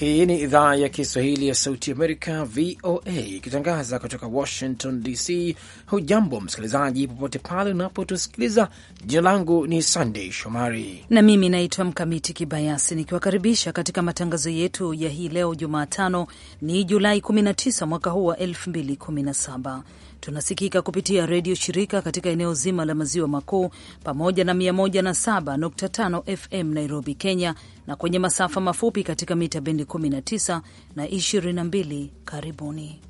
Hii ni idhaa ya Kiswahili ya Sauti Amerika, VOA, ikitangaza kutoka Washington DC. Hujambo msikilizaji, popote pale unapotusikiliza. Jina langu ni Sandey Shomari na mimi naitwa Mkamiti Kibayasi, nikiwakaribisha katika matangazo yetu ya hii leo Jumatano ni Julai 19 mwaka huu wa 2017 Tunasikika kupitia redio shirika katika eneo zima la maziwa makuu pamoja na 107.5 FM Nairobi, Kenya, na kwenye masafa mafupi katika mita bendi 19 na 22. Karibuni.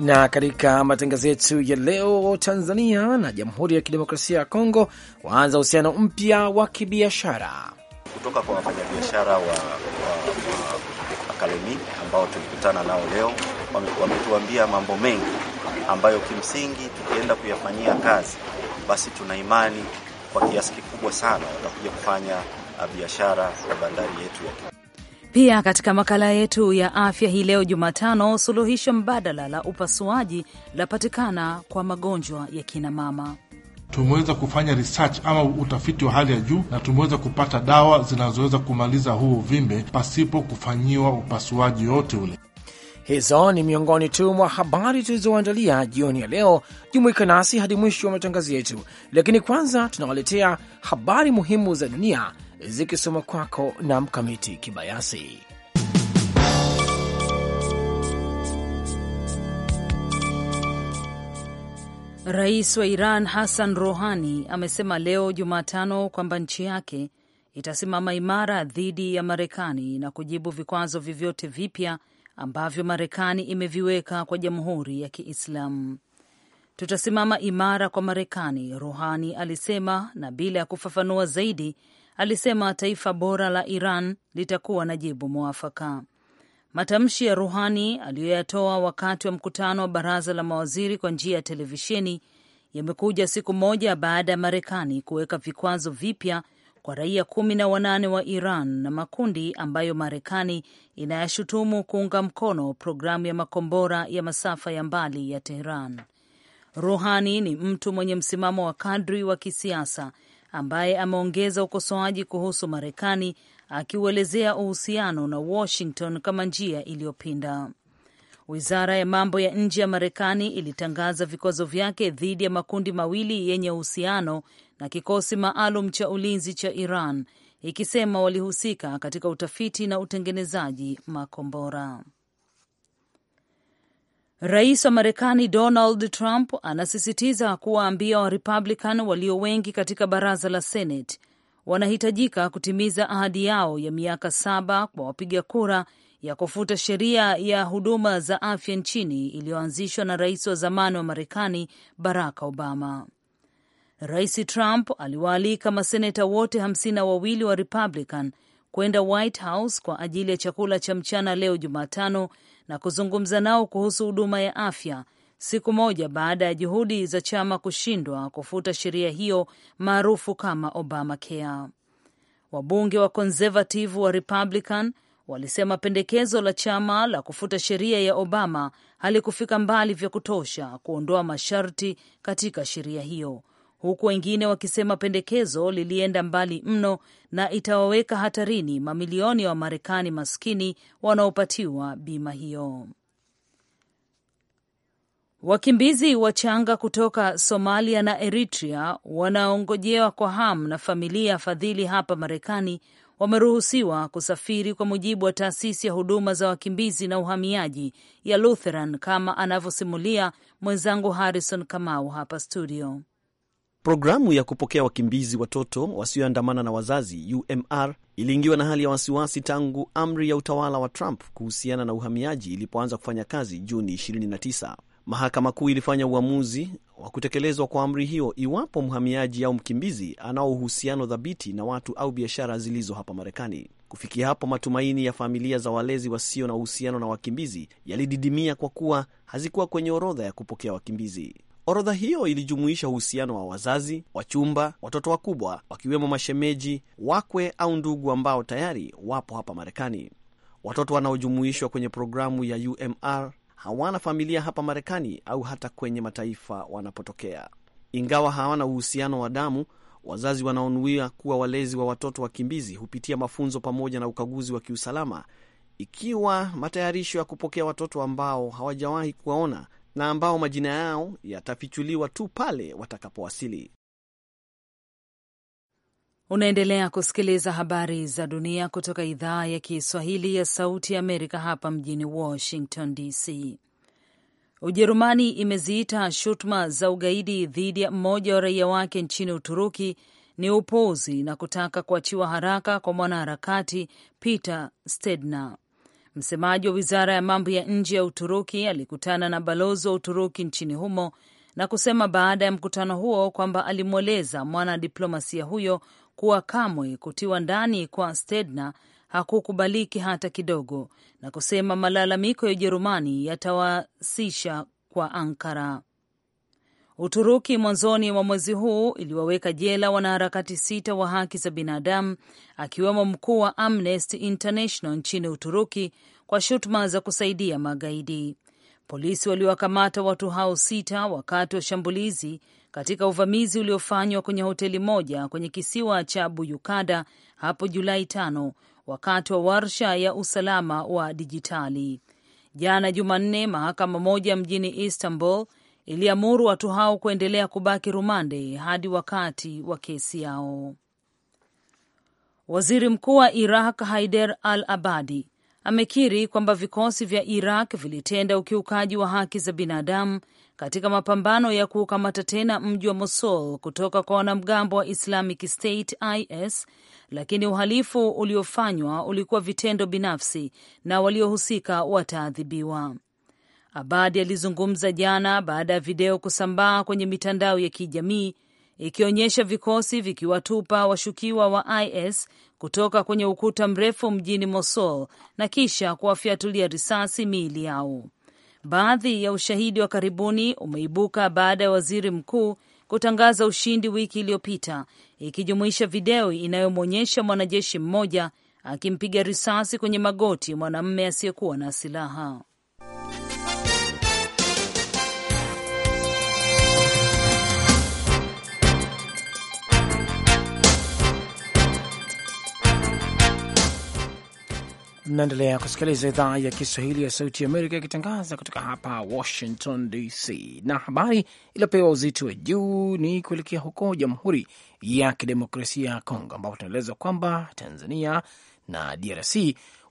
Na katika matangazo yetu ya leo, Tanzania na Jamhuri ya Kidemokrasia ya Kongo waanza uhusiano mpya wa kibiashara kutoka kwa wafanyabiashara wa, wa, wa Kalemi ambao tulikutana nao leo, wametuambia mambo mengi ambayo kimsingi tukienda kuyafanyia kazi, basi tuna imani kwa kiasi kikubwa sana watakuja kufanya uh, biashara kwa bandari yetu ya pia katika makala yetu ya afya hii leo Jumatano, suluhisho mbadala la upasuaji lapatikana kwa magonjwa ya kinamama. Tumeweza kufanya research ama utafiti wa hali ya juu na tumeweza kupata dawa zinazoweza kumaliza huu uvimbe pasipo kufanyiwa upasuaji yote ule. Hizo ni miongoni tu mwa habari tulizoandalia jioni ya leo. Jumuika nasi hadi mwisho wa matangazo yetu, lakini kwanza tunawaletea habari muhimu za dunia zikisoma kwako na Mkamiti Kibayasi. Rais wa Iran Hassan Rohani amesema leo Jumatano kwamba nchi yake itasimama imara dhidi ya Marekani na kujibu vikwazo vyovyote vipya ambavyo Marekani imeviweka kwa Jamhuri ya Kiislamu. Tutasimama imara kwa Marekani, Rohani alisema, na bila ya kufafanua zaidi alisema taifa bora la Iran litakuwa na jibu mwafaka. Matamshi ya Ruhani aliyoyatoa wakati wa mkutano wa baraza la mawaziri kwa njia ya televisheni yamekuja siku moja baada ya Marekani kuweka vikwazo vipya kwa raia kumi na wanane wa Iran na makundi ambayo Marekani inayashutumu kuunga mkono programu ya makombora ya masafa ya mbali ya Teheran. Ruhani ni mtu mwenye msimamo wa kadri wa kisiasa ambaye ameongeza ukosoaji kuhusu Marekani akiuelezea uhusiano na Washington kama njia iliyopinda. Wizara ya mambo ya nje ya Marekani ilitangaza vikwazo vyake dhidi ya makundi mawili yenye uhusiano na kikosi maalum cha ulinzi cha Iran ikisema walihusika katika utafiti na utengenezaji makombora. Rais wa Marekani Donald Trump anasisitiza kuwaambia Warepublican walio wengi katika baraza la Senate wanahitajika kutimiza ahadi yao ya miaka saba kwa wapiga kura ya kufuta sheria ya huduma za afya nchini iliyoanzishwa na rais wa zamani wa Marekani Barack Obama. Rais Trump aliwaalika maseneta wote hamsini na wawili wa Republican kwenda White House kwa ajili ya chakula cha mchana leo Jumatano na kuzungumza nao kuhusu huduma ya afya siku moja baada ya juhudi za chama kushindwa kufuta sheria hiyo maarufu kama Obamacare. Wabunge wa conservative wa Republican walisema pendekezo la chama la kufuta sheria ya Obama halikufika mbali vya kutosha kuondoa masharti katika sheria hiyo huku wengine wakisema pendekezo lilienda mbali mno na itawaweka hatarini mamilioni ya wa Wamarekani maskini wanaopatiwa bima hiyo. Wakimbizi wachanga kutoka Somalia na Eritrea wanaongojewa kwa hamu na familia fadhili hapa Marekani wameruhusiwa kusafiri kwa mujibu wa taasisi ya huduma za wakimbizi na uhamiaji ya Lutheran, kama anavyosimulia mwenzangu Harrison Kamau hapa studio. Programu ya kupokea wakimbizi watoto wasioandamana na wazazi UMR iliingiwa na hali ya wasiwasi tangu amri ya utawala wa Trump kuhusiana na uhamiaji ilipoanza kufanya kazi Juni 29. Mahakama Kuu ilifanya uamuzi wa kutekelezwa kwa amri hiyo iwapo mhamiaji au mkimbizi anao uhusiano dhabiti na watu au biashara zilizo hapa Marekani. Kufikia hapo, matumaini ya familia za walezi wasio na uhusiano na wakimbizi yalididimia kwa kuwa hazikuwa kwenye orodha ya kupokea wakimbizi. Orodha hiyo ilijumuisha uhusiano wa wazazi, wachumba, watoto wakubwa, wakiwemo mashemeji, wakwe au ndugu ambao tayari wapo hapa Marekani. Watoto wanaojumuishwa kwenye programu ya UMR hawana familia hapa Marekani au hata kwenye mataifa wanapotokea. Ingawa hawana uhusiano wa damu, wazazi wanaonuia kuwa walezi wa watoto wakimbizi hupitia mafunzo pamoja na ukaguzi wa kiusalama, ikiwa matayarisho ya kupokea watoto ambao hawajawahi kuwaona na ambao majina yao yatafichuliwa tu pale watakapowasili. Unaendelea kusikiliza habari za dunia kutoka idhaa ya Kiswahili ya Sauti ya Amerika hapa mjini Washington DC. Ujerumani imeziita shutuma za ugaidi dhidi ya mmoja wa raia wake nchini Uturuki ni upuuzi na kutaka kuachiwa haraka kwa mwanaharakati Peter Stedner. Msemaji wa wizara ya mambo ya nje ya Uturuki alikutana na balozi wa Uturuki nchini humo na kusema baada ya mkutano huo kwamba alimweleza mwanadiplomasia huyo kuwa kamwe kutiwa ndani kwa Stedna hakukubaliki hata kidogo, na kusema malalamiko ya Ujerumani yatawasisha kwa Ankara. Uturuki mwanzoni mwa mwezi huu iliwaweka jela wanaharakati sita wa haki za binadamu akiwemo mkuu wa Amnesty International nchini Uturuki kwa shutuma za kusaidia magaidi. Polisi waliwakamata watu hao sita wakati wa shambulizi katika uvamizi uliofanywa kwenye hoteli moja kwenye kisiwa cha Buyukada hapo Julai tano wakati wa warsha ya usalama wa dijitali. Jana Jumanne, mahakama moja mjini Istanbul iliamuru watu hao kuendelea kubaki rumande hadi wakati wa kesi yao. Waziri mkuu wa Iraq Haider al Abadi amekiri kwamba vikosi vya Iraq vilitenda ukiukaji wa haki za binadamu katika mapambano ya kuukamata tena mji wa Mosul kutoka kwa wanamgambo wa Islamic State IS, lakini uhalifu uliofanywa ulikuwa vitendo binafsi na waliohusika wataadhibiwa. Abadi alizungumza jana baada ya video kusambaa kwenye mitandao ya kijamii ikionyesha vikosi vikiwatupa washukiwa wa IS kutoka kwenye ukuta mrefu mjini Mosul na kisha kuwafyatulia risasi miili yao. Baadhi ya ushahidi wa karibuni umeibuka baada ya waziri mkuu kutangaza ushindi wiki iliyopita, ikijumuisha video inayomwonyesha mwanajeshi mmoja akimpiga risasi kwenye magoti mwanamume asiyekuwa na silaha. Mnaendelea kusikiliza idhaa ya Kiswahili ya Sauti Amerika ikitangaza kutoka hapa Washington DC, na habari iliyopewa uzito wa juu ni kuelekea huko Jamhuri ya Kidemokrasia ya Kongo, ambapo tunaelezwa kwamba Tanzania na DRC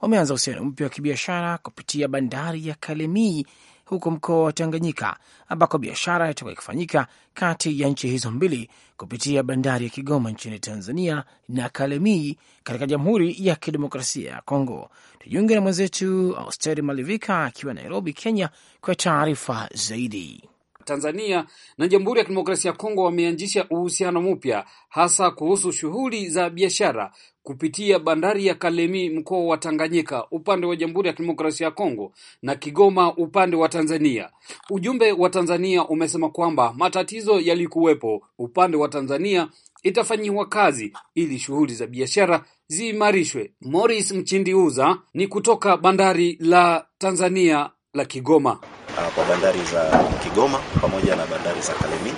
wameanza uhusiano mpya wa kibiashara kupitia bandari ya Kalemie huko mkoa wa Tanganyika ambako biashara itakuwa ikifanyika kati ya nchi hizo mbili kupitia bandari ya Kigoma nchini Tanzania na Kalemie katika Jamhuri ya Kidemokrasia ya Kongo. Tujiunge na mwenzetu Austeri Malivika akiwa Nairobi, Kenya, kwa taarifa zaidi. Tanzania na Jamhuri ya Kidemokrasia ya Kongo wameanzisha uhusiano mpya hasa kuhusu shughuli za biashara kupitia bandari ya Kalemi mkoa wa Tanganyika upande wa Jamhuri ya Kidemokrasia ya Kongo na Kigoma upande wa Tanzania. Ujumbe wa Tanzania umesema kwamba matatizo yalikuwepo upande wa Tanzania itafanyiwa kazi ili shughuli za biashara ziimarishwe. Morris Mchindiuza ni kutoka bandari la Tanzania la Kigoma. Ah, kwa bandari za Kigoma pamoja na bandari za Kalemie,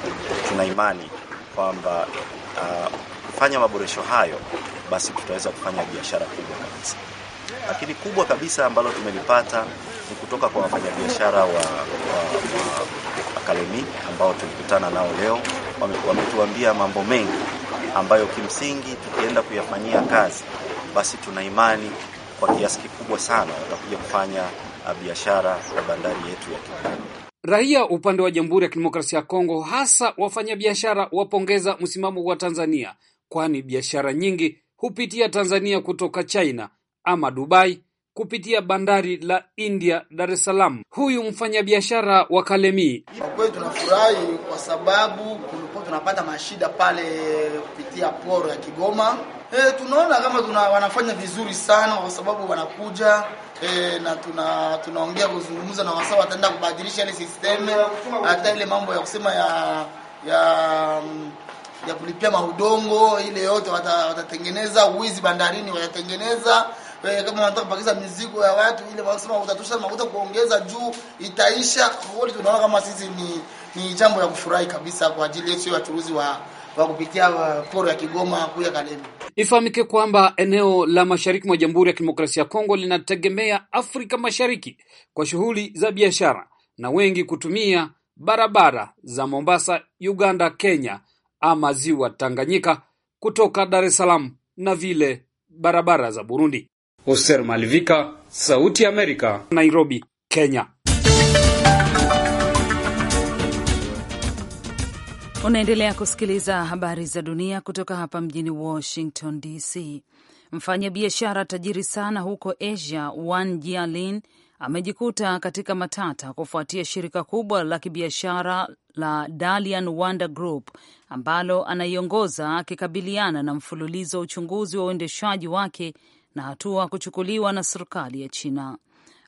tuna imani kwamba uh, ah, fanya maboresho hayo, basi tutaweza kufanya biashara kubwa kabisa. Lakini kubwa kabisa ambalo tumelipata ni kutoka kwa wafanyabiashara wa, wa, wa Kalemie ambao tulikutana nao leo. Wametuambia mambo mengi ambayo kimsingi tukienda kuyafanyia kazi, basi tuna imani kwa kiasi kikubwa sana watakuja kufanya uh, biashara na bandari yetu ya Kivu. Raia upande wa Jamhuri ya Kidemokrasia ya Kongo, hasa wafanyabiashara, wapongeza msimamo wa Tanzania, kwani biashara nyingi hupitia Tanzania kutoka China ama Dubai kupitia bandari la India, Dar es Salaam. Huyu mfanyabiashara wa Kalemi: kwa kweli tunafurahi kwa sababu kulikuwa tunapata mashida pale kupitia poro ya Kigoma E, tunaona kama tuna, wanafanya vizuri sana kwa sababu wanakuja e, na tuna tunaongea kuzungumza na wasaa, wataenda kubadilisha ile system, hata ile mambo ya kusema ya ya mm, ya kulipia maudongo ile yote watatengeneza, wata bandarini watatengeneza e, kama wanataka kupakiza mizigo ya watu ile wanasema utatosha makuta kuongeza juu itaisha. Kwa tunaona kama sisi ni ni jambo la kufurahi kabisa kwa ajili yetu wachuruzi wa wa kupitia poro ya Kigoma kuja Kalemi. Ifahamike kwamba eneo la mashariki mwa Jamhuri ya Kidemokrasia ya Kongo linategemea Afrika Mashariki kwa shughuli za biashara na wengi kutumia barabara za Mombasa, Uganda, Kenya ama ziwa Tanganyika kutoka Dar es Salaam na vile barabara za Burundi. Hoser Malivika, Sauti ya Amerika, Nairobi, Kenya. Unaendelea kusikiliza habari za dunia kutoka hapa mjini Washington DC. Mfanyabiashara tajiri sana huko Asia, Wan Jialin amejikuta katika matata kufuatia shirika kubwa la kibiashara la Dalian Wanda Group ambalo anaiongoza akikabiliana na mfululizo wa uchunguzi wa uendeshaji wake na hatua kuchukuliwa na serikali ya China.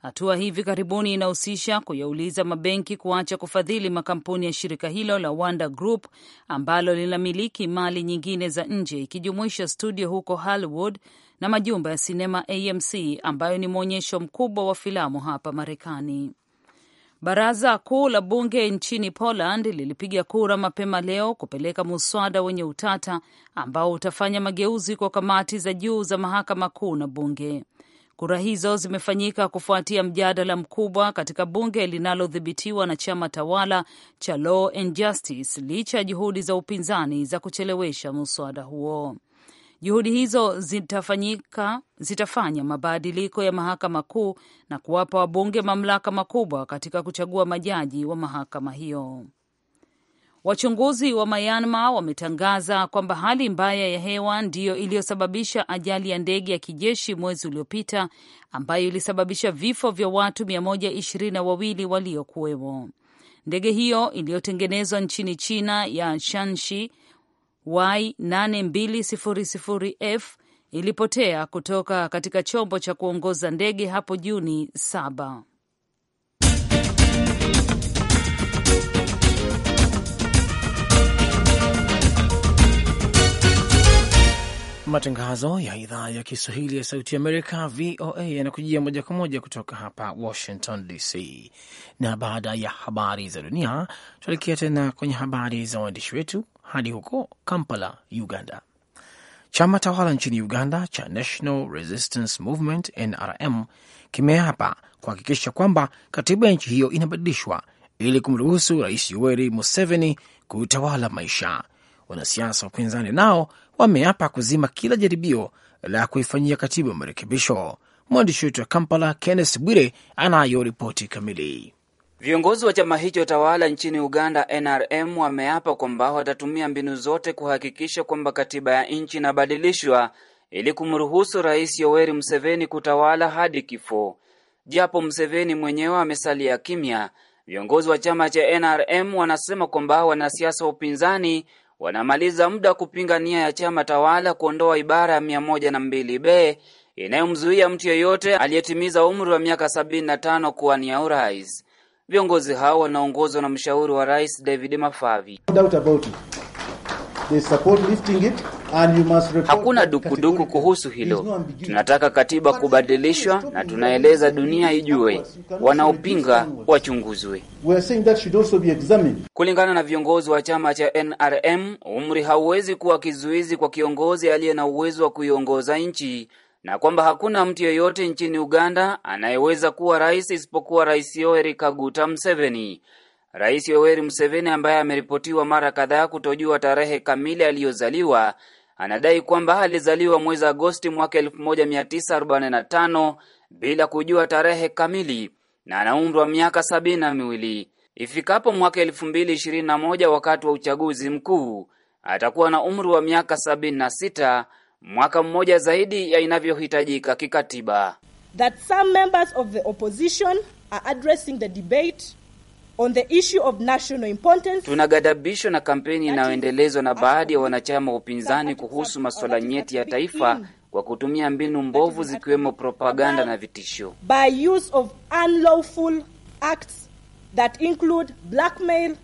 Hatua hivi karibuni inahusisha kuyauliza mabenki kuacha kufadhili makampuni ya shirika hilo la Wanda Group ambalo linamiliki mali nyingine za nje ikijumuisha studio huko Hollywood na majumba ya sinema AMC ambayo ni mwonyesho mkubwa wa filamu hapa Marekani. Baraza kuu la bunge nchini Poland lilipiga kura mapema leo kupeleka muswada wenye utata ambao utafanya mageuzi kwa kamati za juu za mahakama kuu na bunge. Kura hizo zimefanyika kufuatia mjadala mkubwa katika bunge linalodhibitiwa na chama tawala cha Law and Justice licha ya juhudi za upinzani za kuchelewesha muswada huo. Juhudi hizo zitafanyika zitafanya mabadiliko ya mahakama kuu na kuwapa wabunge mamlaka makubwa katika kuchagua majaji wa mahakama hiyo. Wachunguzi wa Myanmar wametangaza kwamba hali mbaya ya hewa ndiyo iliyosababisha ajali ya ndege ya kijeshi mwezi uliopita ambayo ilisababisha vifo vya watu mia moja ishirini na wawili waliokuwemo. Ndege hiyo iliyotengenezwa nchini China ya Shanxi Y8200F ilipotea kutoka katika chombo cha kuongoza ndege hapo Juni saba. Matangazo ya idhaa ya Kiswahili ya Sauti Amerika, VOA, yanakujia moja kwa moja kutoka hapa Washington DC. Na baada ya habari za dunia, tuelekea tena kwenye habari za waandishi wetu hadi huko Kampala, Uganda. Chama tawala nchini Uganda cha National Resistance Movement, NRM, kimeapa kuhakikisha kwamba katiba ya nchi hiyo inabadilishwa ili kumruhusu Rais Yoweri Museveni kutawala maisha wanasiasa wa upinzani nao wameapa kuzima kila jaribio la kuifanyia katiba marekebisho. Mwandishi wetu wa Kampala, Kenneth Bwire, anayo ripoti kamili. Viongozi wa chama hicho tawala nchini Uganda, NRM, wameapa kwamba watatumia mbinu zote kuhakikisha kwamba katiba ya nchi inabadilishwa ili kumruhusu Rais Yoweri Museveni kutawala hadi kifo. Japo Museveni mwenyewe amesalia kimya, viongozi wa chama cha NRM wanasema kwamba wanasiasa wa upinzani wanamaliza muda wa kupinga nia ya chama tawala kuondoa ibara ya mia moja na mbili b inayomzuia mtu yeyote aliyetimiza umri wa miaka sabini na tano kuwania urais. Viongozi hao wanaongozwa na mshauri wa rais David Mafavi. No Hakuna dukuduku kuhusu hilo. Tunataka katiba kubadilishwa, na tunaeleza dunia ijue, wanaopinga wachunguzwe. Kulingana na viongozi wa chama cha NRM, umri hauwezi kuwa kizuizi kwa kiongozi aliye na uwezo wa kuiongoza nchi na kwamba hakuna mtu yeyote nchini Uganda anayeweza kuwa rais isipokuwa Rais Yoweri Kaguta Museveni. Rais Yoweri Museveni ambaye ameripotiwa mara kadhaa kutojua tarehe kamili aliyozaliwa anadai kwamba alizaliwa mwezi Agosti mwaka 1945 bila kujua tarehe kamili na ana umri wa miaka sabini na miwili. Ifikapo mwaka 2021 wakati wa uchaguzi mkuu atakuwa na umri wa miaka 76, mwaka mmoja zaidi ya inavyohitajika kikatiba. That some members of the opposition are addressing the debate on the issue of national importance. Tunagadhabishwa na kampeni inayoendelezwa na baadhi ya wanachama wa upinzani kuhusu masuala nyeti ya taifa kwa kutumia mbinu mbovu zikiwemo propaganda na vitisho. By use of unlawful acts that include blackmail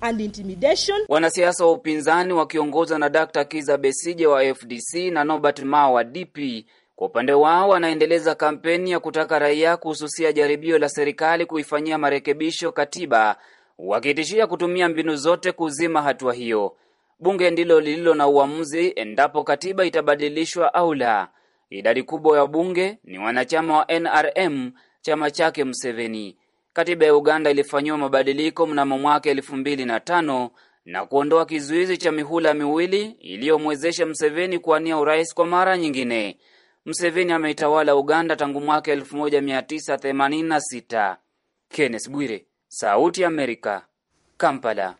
and intimidation. Wanasiasa wa upinzani wakiongozwa na Dr. Kiza Besije wa FDC na Norbert Mao wa DP kwa upande wao wanaendeleza kampeni ya kutaka raia kuhususia jaribio la serikali kuifanyia marekebisho katiba, wakitishia kutumia mbinu zote kuzima hatua hiyo. Bunge ndilo lililo na uamuzi endapo katiba itabadilishwa au la. Idadi kubwa ya bunge ni wanachama wa NRM, chama chake Museveni. Katiba ya Uganda ilifanyiwa mabadiliko mnamo mwaka elfu mbili na tano na kuondoa kizuizi cha mihula miwili iliyomwezesha Museveni kuwania urais kwa mara nyingine mseveni ameitawala Uganda tangu mwaka 1986. Kenneth Bwire, Sauti ya Amerika, Kampala.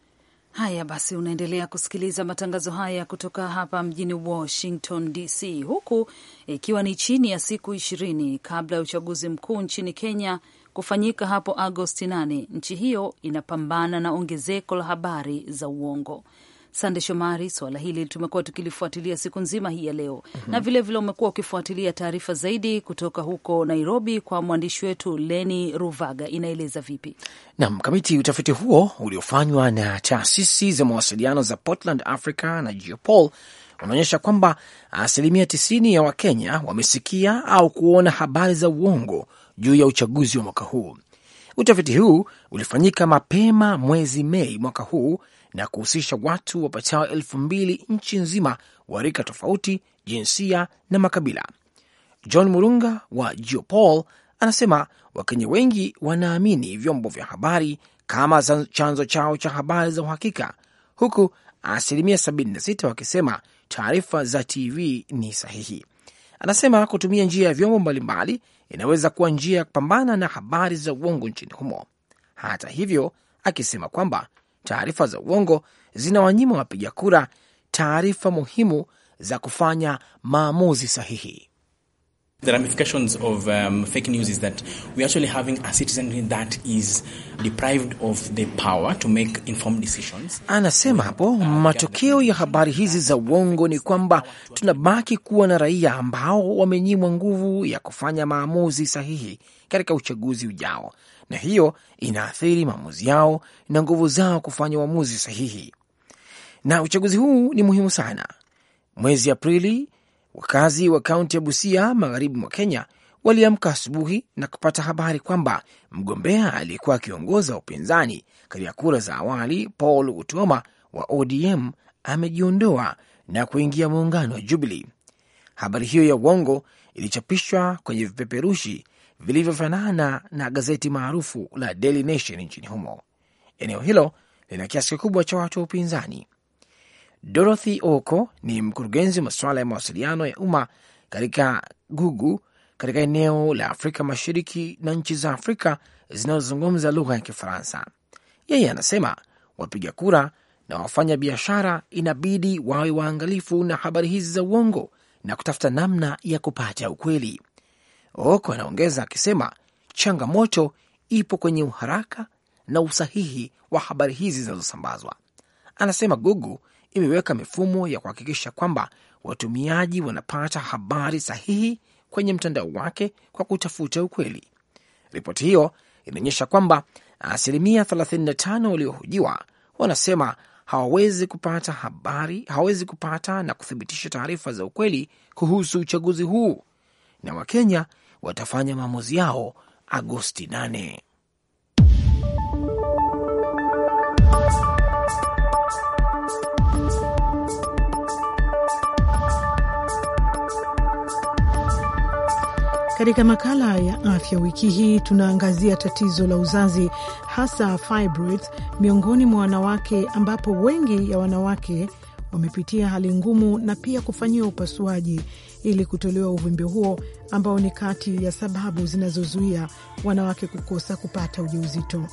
Haya basi, unaendelea kusikiliza matangazo haya kutoka hapa mjini Washington DC, huku ikiwa ni chini ya siku ishirini kabla ya uchaguzi mkuu nchini Kenya kufanyika hapo Agosti 8. Nchi hiyo inapambana na ongezeko la habari za uongo. Sande Shomari, swala hili tumekuwa tukilifuatilia siku nzima hii ya leo mm -hmm. na vilevile umekuwa ukifuatilia taarifa zaidi kutoka huko Nairobi kwa mwandishi wetu Leni Ruvaga, inaeleza vipi? Naam, Kamiti, utafiti huo uliofanywa na taasisi za mawasiliano za Portland Africa na Geopol unaonyesha kwamba asilimia 90 ya Wakenya wamesikia au kuona habari za uongo juu ya uchaguzi wa mwaka huu. Utafiti huu ulifanyika mapema mwezi Mei mwaka huu na kuhusisha watu wapatao elfu mbili nchi nzima wa rika tofauti, jinsia na makabila. John Murunga wa Geopol anasema Wakenya wengi wanaamini vyombo vya habari kama chanzo chao cha habari za uhakika, huku asilimia 76 wakisema taarifa za TV ni sahihi. Anasema kutumia njia ya vyombo mbalimbali inaweza kuwa njia ya kupambana na habari za uongo nchini humo. Hata hivyo, akisema kwamba taarifa za uongo zinawanyima wapiga kura taarifa muhimu za kufanya maamuzi sahihi. The ramifications of um, fake news is that actually having a citizenry that is deprived of the power to make informed decisions. Anasema hapo uh, matokeo ya habari hizi za uongo ni kwamba tunabaki kuwa na raia ambao wamenyimwa nguvu ya kufanya maamuzi sahihi katika uchaguzi ujao na hiyo inaathiri maamuzi yao na nguvu zao kufanya uamuzi sahihi. Na uchaguzi huu ni muhimu sana. Mwezi Aprili, wakazi wa kaunti ya Busia, magharibi mwa Kenya, waliamka asubuhi na kupata habari kwamba mgombea aliyekuwa akiongoza upinzani katika kura za awali, Paul Utoma wa ODM, amejiondoa na kuingia muungano wa Jubilee. Habari hiyo ya uongo ilichapishwa kwenye vipeperushi vilivyofanana na gazeti maarufu la Daily Nation nchini humo. Eneo hilo lina kiasi kikubwa cha watu wa upinzani. Dorothy Oko ni mkurugenzi wa masuala ya mawasiliano ya umma katika Gugu katika eneo la Afrika Mashariki na nchi za Afrika zinazozungumza lugha ya Kifaransa. Yeye anasema wapiga kura na wafanya biashara inabidi wawe waangalifu na habari hizi za uongo na kutafuta namna ya kupata ukweli. Oko anaongeza akisema changamoto ipo kwenye uharaka na usahihi wa habari hizi zinazosambazwa. Anasema Google imeweka mifumo ya kuhakikisha kwamba watumiaji wanapata habari sahihi kwenye mtandao wake kwa kutafuta ukweli. Ripoti hiyo inaonyesha kwamba asilimia 35 waliohojiwa wanasema hawawezi kupata habari, hawawezi kupata na kuthibitisha taarifa za ukweli kuhusu uchaguzi huu, na Wakenya watafanya maamuzi yao Agosti 8. Katika makala ya afya wiki hii tunaangazia tatizo la uzazi hasa fibroids miongoni mwa wanawake, ambapo wengi ya wanawake wamepitia hali ngumu na pia kufanyiwa upasuaji ili kutolewa uvimbe huo ambao ni kati ya sababu zinazozuia wanawake kukosa kupata ujauzito.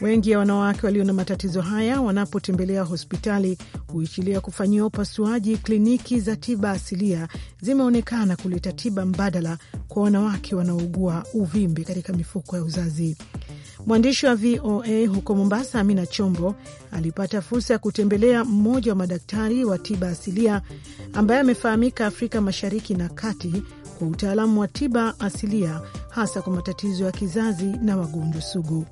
Wengi ya wanawake walio na matatizo haya wanapotembelea hospitali huichilia kufanyiwa upasuaji. Kliniki za tiba asilia zimeonekana kuleta tiba mbadala kwa wanawake wanaougua uvimbe katika mifuko ya uzazi. Mwandishi wa VOA huko Mombasa, Amina Chombo, alipata fursa ya kutembelea mmoja wa madaktari wa tiba asilia ambaye amefahamika Afrika Mashariki na Kati kwa utaalamu wa tiba asilia hasa kwa matatizo ya kizazi na wagonjwa sugu.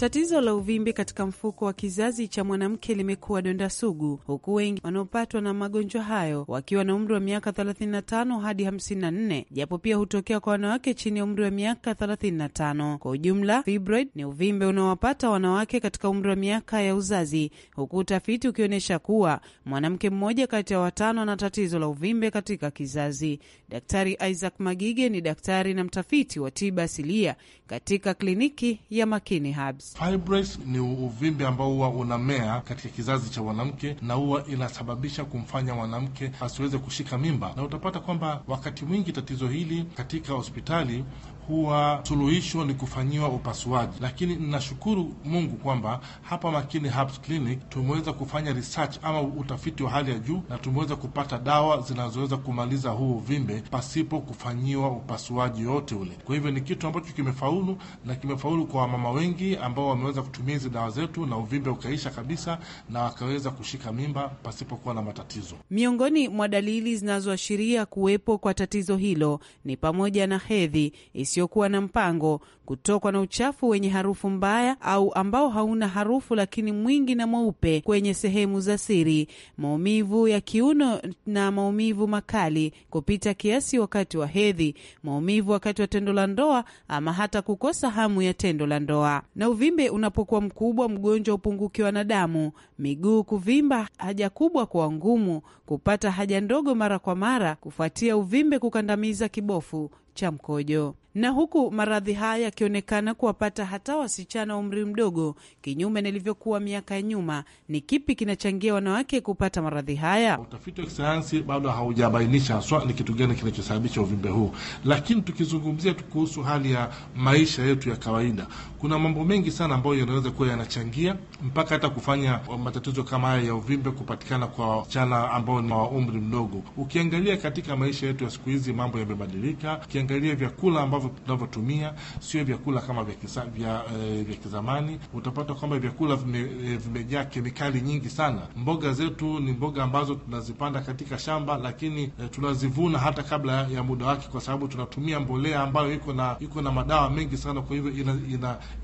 Tatizo la uvimbe katika mfuko wa kizazi cha mwanamke limekuwa donda sugu, huku wengi wanaopatwa na magonjwa hayo wakiwa na umri wa miaka 35 hadi 54, japo pia hutokea kwa wanawake chini ya umri wa miaka 35. Kwa ujumla, fibroid ni uvimbe unaowapata wanawake katika umri wa miaka ya uzazi, huku utafiti ukionyesha kuwa mwanamke mmoja kati ya watano ana tatizo la uvimbe katika kizazi. Daktari Isaac Magige ni daktari na mtafiti wa tiba asilia katika kliniki ya Makini Herbs. Fibroids ni uvimbe ambao huwa unamea katika kizazi cha mwanamke na huwa inasababisha kumfanya mwanamke asiweze kushika mimba, na utapata kwamba wakati mwingi tatizo hili katika hospitali huwa suluhisho ni kufanyiwa upasuaji, lakini ninashukuru Mungu kwamba hapa Makini Herbs Clinic tumeweza kufanya research ama utafiti wa hali ya juu na tumeweza kupata dawa zinazoweza kumaliza huu uvimbe pasipo kufanyiwa upasuaji yote ule. Kwa hivyo ni kitu ambacho kimefaulu na kimefaulu kwa wamama wengi ambao wameweza kutumia hizi dawa zetu na uvimbe ukaisha kabisa na wakaweza kushika mimba pasipokuwa na matatizo. Miongoni mwa dalili zinazoashiria kuwepo kwa tatizo hilo ni pamoja na hedhi isiyokuwa na mpango, kutokwa na uchafu wenye harufu mbaya au ambao hauna harufu lakini mwingi na mweupe kwenye sehemu za siri, maumivu ya kiuno na maumivu makali kupita kiasi wakati wa hedhi, maumivu wakati wa tendo la ndoa ama hata kukosa hamu ya tendo la ndoa. Na uvimbe unapokuwa mkubwa, mgonjwa upungukiwa na damu, miguu kuvimba, haja kubwa kwa ngumu, kupata haja ndogo mara kwa mara kufuatia uvimbe, kukandamiza kibofu cha mkojo. Na huku maradhi haya yakionekana kuwapata hata wasichana wa umri mdogo, kinyume nilivyokuwa miaka ya nyuma, ni kipi kinachangia wanawake kupata maradhi haya? Utafiti wa kisayansi bado haujabainisha haswa ni kitu gani kinachosababisha uvimbe huu, lakini tukizungumzia tu kuhusu hali ya maisha yetu ya kawaida, kuna mambo mengi sana ambayo yanaweza kuwa yanachangia mpaka hata kufanya matatizo kama haya ya uvimbe kupatikana kwa wasichana ambao ni wa umri mdogo. Ukiangalia katika maisha yetu ya siku hizi, mambo yamebadilika tuangalie vyakula ambavyo tunavyotumia sio vyakula kama vya kisa, vya, e, kizamani. Utapata kwamba vyakula eh, vimejaa kemikali nyingi sana. Mboga zetu ni mboga ambazo tunazipanda katika shamba, lakini e, tunazivuna hata kabla ya muda wake, kwa sababu tunatumia mbolea ambayo iko na iko na madawa mengi sana, kwa hivyo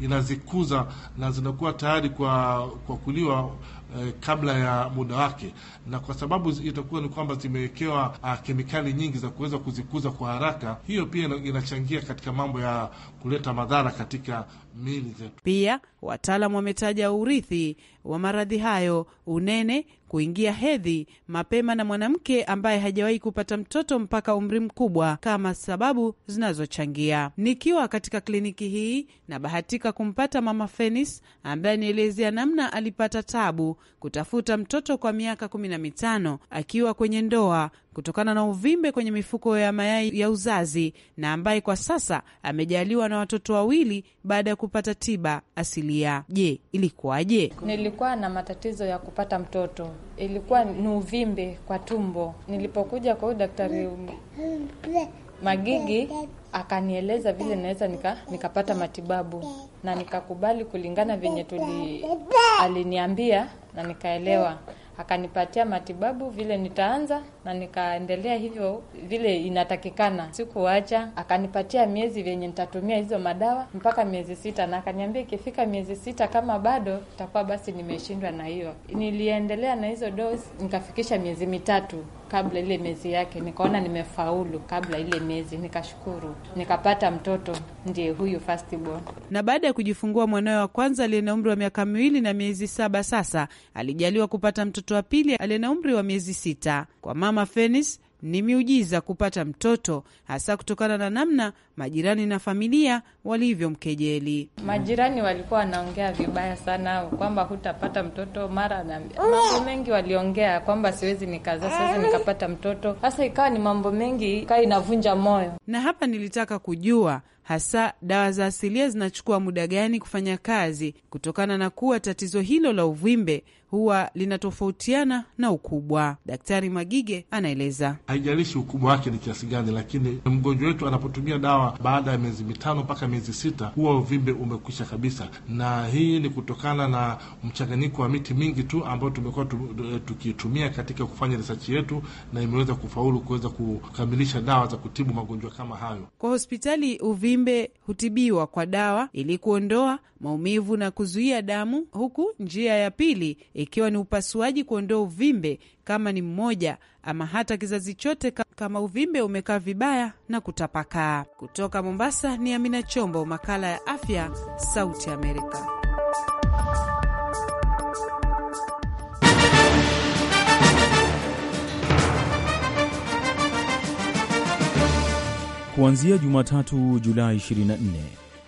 inazikuza ina, ina na zinakuwa tayari kwa, kwa kuliwa eh, kabla ya muda wake, na kwa sababu itakuwa ni kwamba zimewekewa ah, kemikali nyingi za kuweza kuzikuza kwa haraka, hiyo pia inachangia katika mambo ya kuleta madhara katika pia wataalam wametaja urithi wa maradhi hayo, unene, kuingia hedhi mapema na mwanamke ambaye hajawahi kupata mtoto mpaka umri mkubwa kama sababu zinazochangia. Nikiwa katika kliniki hii nabahatika kumpata Mama Fenis ambaye anielezea namna alipata tabu kutafuta mtoto kwa miaka kumi na mitano akiwa kwenye ndoa kutokana na uvimbe kwenye mifuko ya mayai ya uzazi na ambaye kwa sasa amejaliwa na watoto wawili baada ya kupata tiba asilia. Je, ilikuwaje? Nilikuwa na matatizo ya kupata mtoto, ilikuwa ni uvimbe kwa tumbo. Nilipokuja kwa huyu daktari Magigi akanieleza vile naweza nika, nikapata matibabu na nikakubali kulingana venye tuli aliniambia na nikaelewa akanipatia matibabu vile nitaanza, na nikaendelea hivyo vile inatakikana, sikuacha. Akanipatia miezi vyenye nitatumia hizo madawa mpaka miezi sita, na akaniambia ikifika miezi sita kama bado takuwa basi nimeshindwa na hiyo. Niliendelea na hizo dos nikafikisha miezi mitatu kabla ile miezi yake, nikaona nimefaulu kabla ile miezi, nikashukuru, nikapata mtoto ndiye huyu firstborn. Na baada ya kujifungua mwanawe wa kwanza aliye na umri wa miaka miwili na miezi saba, sasa alijaliwa kupata mtoto wa pili aliye na umri wa miezi sita. Kwa mama Fenis ni miujiza kupata mtoto, hasa kutokana na namna majirani na familia walivyomkejeli. Majirani walikuwa wanaongea vibaya sana, kwamba hutapata mtoto mara na mambo mengi waliongea, kwamba siwezi nikazaa, siwezi nikapata mtoto. Sasa ikawa ni mambo mengi, ikawa inavunja moyo. Na hapa nilitaka kujua hasa dawa za asilia zinachukua muda gani kufanya kazi, kutokana na kuwa tatizo hilo la uvimbe huwa linatofautiana na ukubwa. Daktari Magige anaeleza, haijalishi ukubwa wake ni kiasi gani, lakini mgonjwa wetu anapotumia dawa baada ya miezi mitano mpaka miezi sita huwa uvimbe umekwisha kabisa, na hii ni kutokana na mchanganyiko wa miti mingi tu ambayo tumekuwa eh, tukiitumia katika kufanya risachi yetu, na imeweza kufaulu kuweza kukamilisha dawa za kutibu magonjwa kama hayo. Kwa hospitali uvimbe hutibiwa kwa dawa ili kuondoa maumivu na kuzuia damu, huku njia ya pili ikiwa ni upasuaji kuondoa uvimbe kama ni mmoja ama hata kizazi chote kama uvimbe umekaa vibaya na kutapakaa. Kutoka Mombasa ni Amina Chombo, makala ya afya, Sauti Amerika. Kuanzia Jumatatu Julai 24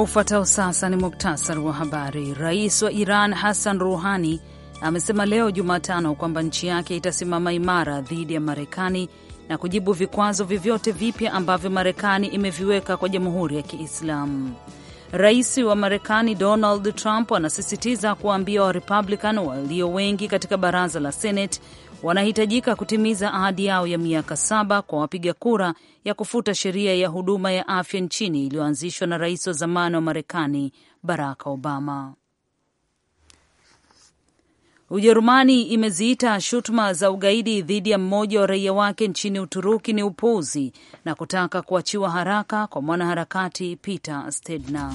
Ufuatao sasa ni muktasari wa habari. Rais wa Iran Hassan Rouhani amesema leo Jumatano kwamba nchi yake itasimama imara dhidi ya Marekani na kujibu vikwazo vyovyote vipya ambavyo Marekani imeviweka kwa Jamhuri ya Kiislamu. Rais wa Marekani Donald Trump anasisitiza kuwaambia Warepublican walio wengi katika baraza la Senate wanahitajika kutimiza ahadi yao ya miaka saba kwa wapiga kura ya kufuta sheria ya huduma ya afya nchini iliyoanzishwa na rais wa zamani wa Marekani Barack Obama. Ujerumani imeziita shutuma za ugaidi dhidi ya mmoja wa raia wake nchini Uturuki ni upuuzi na kutaka kuachiwa haraka kwa mwanaharakati Peter Stedner.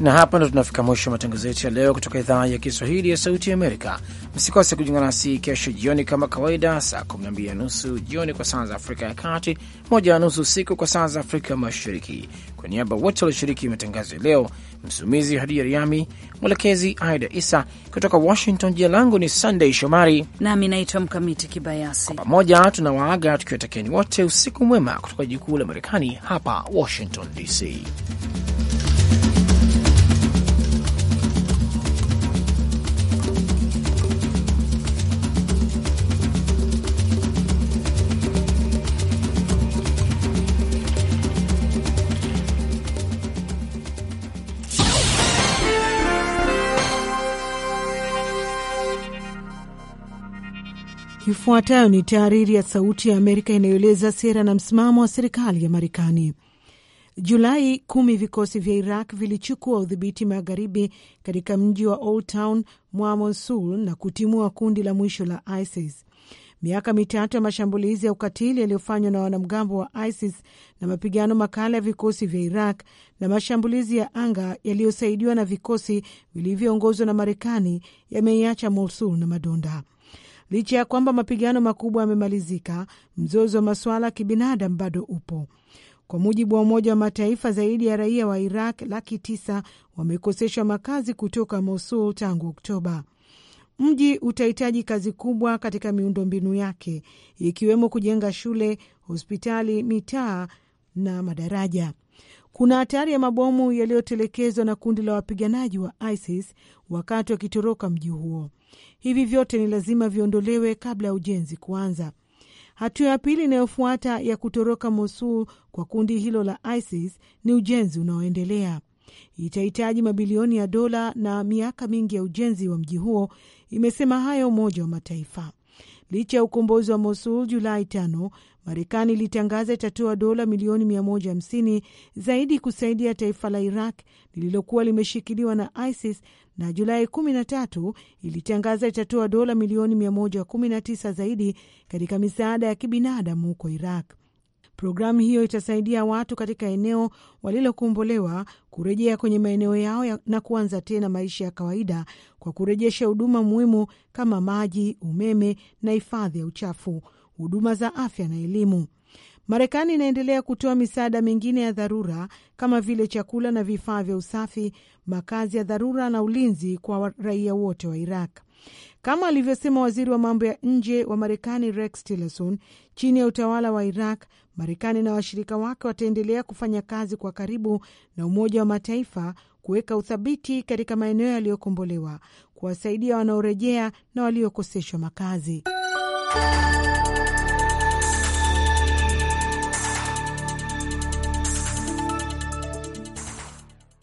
Na hapa ndo tunafika mwisho wa matangazo yetu ya leo kutoka idhaa ya Kiswahili ya Sauti ya Amerika. Msikose kujiunga nasi kesho jioni kama kawaida, saa 12 na nusu jioni kwa saa za Afrika ya Kati moja na nusu usiku kwa saa za Afrika Mashariki. Kwa niaba wote walioshiriki matangazo ya leo, msimamizi Hadija Riami, mwelekezi Aida Isa kutoka Washington. Jina langu ni sandey Shomari nami naitwa Mkamiti Kibayasi. Kwa pamoja tunawaaga tukiwatakieni wote usiku mwema kutoka jikuu la Marekani hapa Washington DC. Ifuatayo ni tahariri ya Sauti ya Amerika inayoeleza sera na msimamo wa serikali ya Marekani. Julai kumi, vikosi vya Iraq vilichukua udhibiti magharibi katika mji wa Old Town mwa Mosul na kutimua kundi la mwisho la ISIS. Miaka mitatu ya mashambulizi ya ukatili yaliyofanywa na wanamgambo wa ISIS na mapigano makali ya vikosi vya Iraq na mashambulizi ya anga yaliyosaidiwa na vikosi vilivyoongozwa na Marekani yameiacha Mosul na madonda. Licha ya kwamba mapigano makubwa yamemalizika, mzozo wa masuala ya kibinadamu bado upo. Kwa mujibu wa Umoja wa Mataifa, zaidi ya raia wa Iraq laki tisa wamekoseshwa makazi kutoka Mosul tangu Oktoba. Mji utahitaji kazi kubwa katika miundombinu yake ikiwemo kujenga shule, hospitali, mitaa na madaraja. Kuna hatari ya mabomu yaliyotelekezwa na kundi la wapiganaji wa ISIS wakati wakitoroka mji huo. Hivi vyote ni lazima viondolewe kabla ya ujenzi kuanza. Hatua ya pili inayofuata ya kutoroka Mosul kwa kundi hilo la ISIS ni ujenzi unaoendelea. Itahitaji mabilioni ya dola na miaka mingi ya ujenzi wa mji huo, imesema hayo Umoja wa Mataifa. Licha ya ukombozi wa Mosul Julai tano, Marekani ilitangaza itatoa dola milioni 150 zaidi kusaidia taifa la Iraq lililokuwa limeshikiliwa na ISIS na Julai 13 ilitangaza itatoa dola milioni 119 zaidi katika misaada ya kibinadamu huko Iraq. Programu hiyo itasaidia watu katika eneo walilokombolewa kurejea kwenye maeneo yao na kuanza tena maisha ya kawaida kwa kurejesha huduma muhimu kama maji, umeme na hifadhi ya uchafu huduma za afya na elimu. Marekani inaendelea kutoa misaada mingine ya dharura kama vile chakula na vifaa vya usafi, makazi ya dharura na ulinzi kwa raia wote wa Iraq. Kama alivyosema waziri wa mambo ya nje wa Marekani Rex Tillerson, chini ya utawala wa Iraq, Marekani na washirika wake wataendelea kufanya kazi kwa karibu na Umoja wa Mataifa kuweka uthabiti katika maeneo yaliyokombolewa, kuwasaidia wanaorejea na waliokoseshwa makazi.